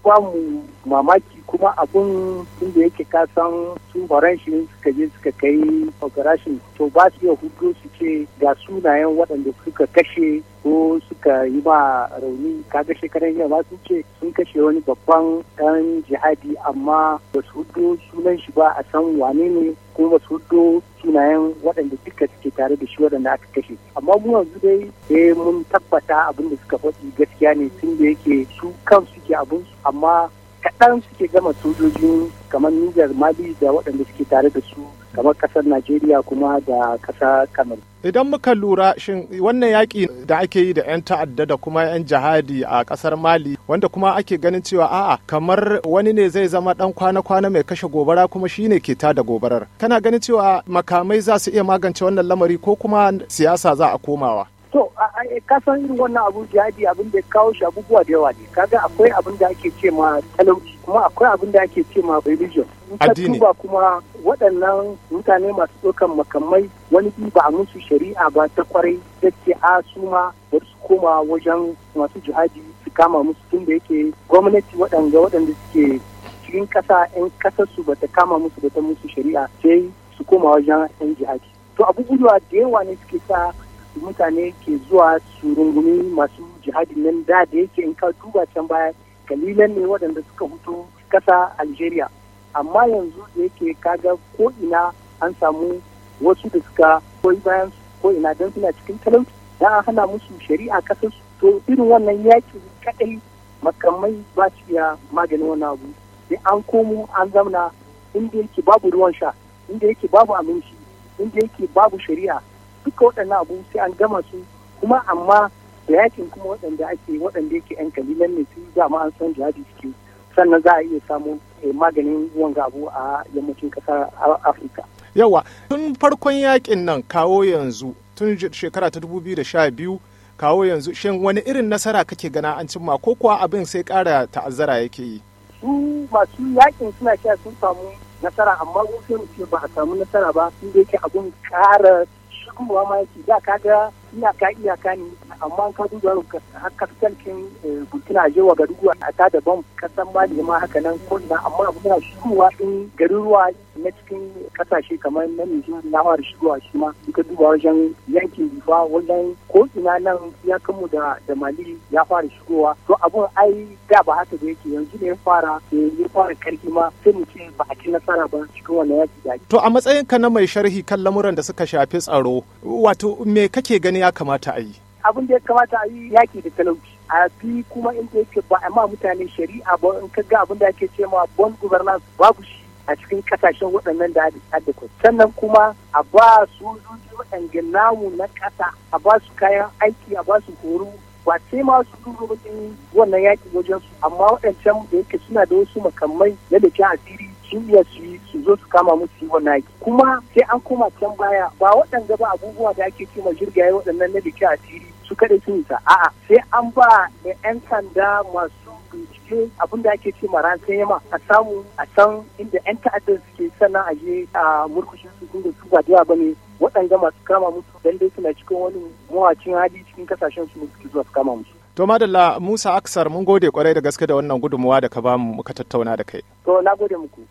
kuba mu kuma abun da yake kasan su faranshi suka je suka kai operation to ba su iya hudu su ce ga sunayen waɗanda suka kashe ko suka yi ba rauni kaga shekaran yau ba su ce sun kashe wani babban ɗan jihadi amma ba su hudu sunan shi ba a san wane ne kuma ba su hudu sunayen waɗanda duka suke tare da shi waɗanda aka kashe amma mu yanzu dai eh, mun tabbata abin da suka faɗi gaskiya ne tun da yake su kansu ke abin amma kaɗan suke gama sojojin kamar Nijar Mali da waɗanda suke tare da su kamar ƙasar Najeriya kuma da ƙasa Kamar. Idan muka lura shin wannan yaƙi da ake yi da 'yan ta'adda da kuma 'yan jihadi a ƙasar Mali wanda kuma ake ganin cewa a'a kamar wani ne zai zama ɗan kwana-kwana mai kashe gobara kuma shi ne ke da gobarar. Kana ganin cewa makamai za su iya magance wannan lamari ko kuma siyasa za a komawa? Eh, kasan irin wannan abu jihadi abin da kawo shi abubuwa da yawa ne kaga akwai abin da ake ce ma talauci kuma akwai abin da ake ce ma religion addini duba kuma waɗannan mutane masu ɗaukan makamai wani bi ba a musu shari'a ba ta kwarai da ke a su ma bari su koma wajen masu jihadi su kama musu tun da yake gwamnati waɗanda waɗanda suke cikin ƙasa 'yan ƙasar su bata kama musu ba ta musu shari'a sai su koma wajen 'yan jihadi to abubuwa da yawa ne suke sa mutane ke zuwa su rungumi masu jihadin nan da da yake in ka duba can baya kalilan ne waɗanda suka hutu kasa algeria amma yanzu da yake kaga ko ina an samu wasu da suka koyi bayan ko ina don suna cikin talauci da an hana musu shari'a kasar su to irin wannan yaƙi kadai makamai ba su iya maganin wani abu sai an komo an zamana inda yake babu ruwan sha inda yake babu aminci inda yake babu shari'a duka waɗannan abu sai an gama su kuma amma da yakin kuma waɗanda ake waɗanda yake yan kalilan ne su dama an san jihadi suke sannan za a iya samu eh, maganin wanga abu a yammacin ƙasar afirka yawa tun farkon yakin nan kawo yanzu tun shekara ta 2012 kawo yanzu shin wani irin nasara kake gana an cimma ko kuwa abin sai kara ta'azzara yake yi su masu yakin suna cewa sun samu nasara amma wasu ba a samu nasara ba sun da yake abin ƙara abin ba ma yake da ka ga iyaka iyaka ne amma ka duba kaskankin eh, burkina wa garuruwa a ta daban kasan mali ma haka nan ko amma abin yana shigowa din garuruwa na cikin kasashe kamar na ya na fara shigowa shi ma duka duba wajen yankin Difa wajen ko ina nan ya kamu da da Mali ya fara shigowa to abun ai da ba haka da yake yanzu ne ya fara ya fara karfi ma sai mu ce ba a ci nasara ba cikin wannan yaki da to a matsayin ka na mai sharhi kan lamuran da suka shafi tsaro wato me kake gani ya kamata a yi abin da ya kamata a yi yaki da talauci a fi kuma inda yake ba a ma mutane shari'a ba in ka ga abin da ake ce ma bon governance babu shi a cikin kasashen waɗannan da adequate sannan kuma a ba su waɗanda namu na ƙasa a ba su kayan aiki a ba su horo ba sai ma su duro bakin wannan yaƙi wajen su amma waɗancan da yake suna da wasu makamai na da kyan asiri sun iya su yi su zo su kama musu yi wannan yaƙi kuma sai an koma can baya ba waɗanda ba abubuwa da ake cewa jirgaye waɗannan na da kyan asiri su kaɗai sun yi a'a sai an ba da 'yan sanda masu cikin abin da ake ce maran yama a samu a san inda 'yan ta'addar suke sannan a je a murkushin su tun da su ba da ba ne waɗanda masu kama musu dan dai suna cikin wani mawacin hali cikin kasashen su suke zuwa su kama musu. To Madalla Musa Aksar mun gode kwarai da gaske da wannan gudunmuwa da ka bamu muka tattauna da kai. To na gode muku.